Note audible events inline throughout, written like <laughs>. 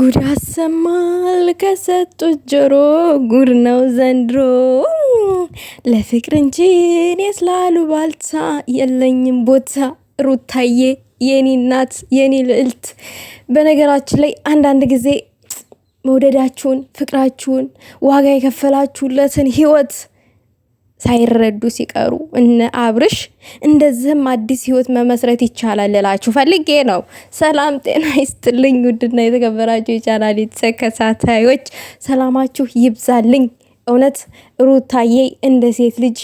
ጉድ ያሰማል ከሰጡት ጆሮ ጉድ ነው ዘንድሮ። ለፍቅር እንጂ እኔ ስላሉ ባልታ የለኝም ቦታ ሩታዬ የኔ እናት የኔ ልዕልት። በነገራችን ላይ አንዳንድ ጊዜ መውደዳችሁን፣ ፍቅራችሁን፣ ዋጋ የከፈላችሁለትን ህይወት ሳይረዱ ሲቀሩ እነ አብርሽ እንደዚህም አዲስ ህይወት መመስረት ይቻላል እላችሁ ፈልጌ ነው። ሰላም ጤና ይስጥልኝ። ውድና የተከበራችሁ የቻናል ተከታታዮች ሰላማችሁ ይብዛልኝ። እውነት ሩታዬ እንደ ሴት ልጅ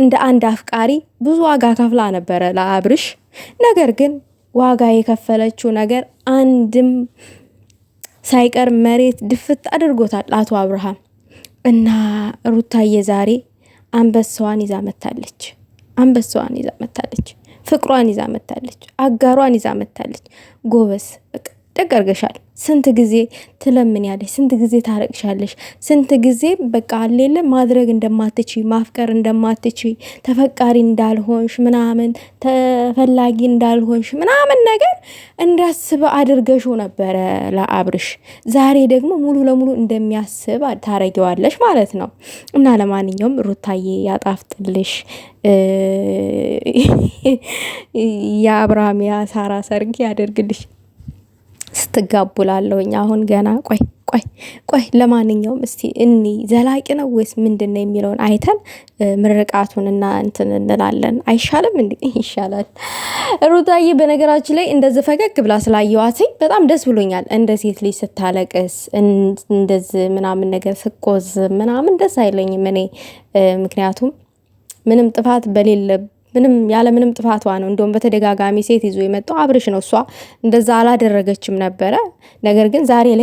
እንደ አንድ አፍቃሪ ብዙ ዋጋ ከፍላ ነበረ ለአብርሽ። ነገር ግን ዋጋ የከፈለችው ነገር አንድም ሳይቀር መሬት ድፍት አድርጎታል አቶ አብርሃም እና ሩታዬ ዛሬ አንበሳዋን ይዛ መታለች። አንበሳዋን ይዛ መታለች። ፍቅሯን ይዛ መታለች። አጋሯን ይዛ መታለች። ጎበስ በቃ ደግ አድርገሻል። ስንት ጊዜ ያለሽ ስንት ጊዜ ታረቅሻለሽ፣ ስንት ጊዜ በቃ አሌለ ማድረግ እንደማትች ማፍቀር እንደማትች ተፈቃሪ እንዳልሆንሽ ምናምን ተፈላጊ እንዳልሆንሽ ምናምን ነገር እንዳስብ አድርገሽው ነበረ ለአብርሽ። ዛሬ ደግሞ ሙሉ ለሙሉ እንደሚያስብ ታረጊዋለሽ ማለት ነው። እና ለማንኛውም ሩታዬ ያጣፍጥልሽ። የአብርሃም የሳራ ሰርግ ያደርግልሽ። ስትጋቡ አሁን ገና ቆይ ቆይ ቆይ ለማንኛውም እስቲ እኒ ዘላቂ ነው ወይስ ምንድን ነው የሚለውን አይተን ምርቃቱን እና እንትን እንላለን። አይሻልም? እንዲ <laughs> ይሻላል። ሩታዬ በነገራችን ላይ እንደዚ ፈገግ ብላ ስላየዋትኝ በጣም ደስ ብሎኛል። እንደ ሴት ልጅ ስታለቅስ እንደዚ ምናምን ነገር ስቆዝ ምናምን ደስ አይለኝም እኔ ምክንያቱም ምንም ጥፋት በሌለ ምንም ያለምንም ጥፋቷ ነው። እንደውም በተደጋጋሚ ሴት ይዞ የመጣው አብርሽ ነው። እሷ እንደዛ አላደረገችም ነበረ። ነገር ግን ዛሬ ላይ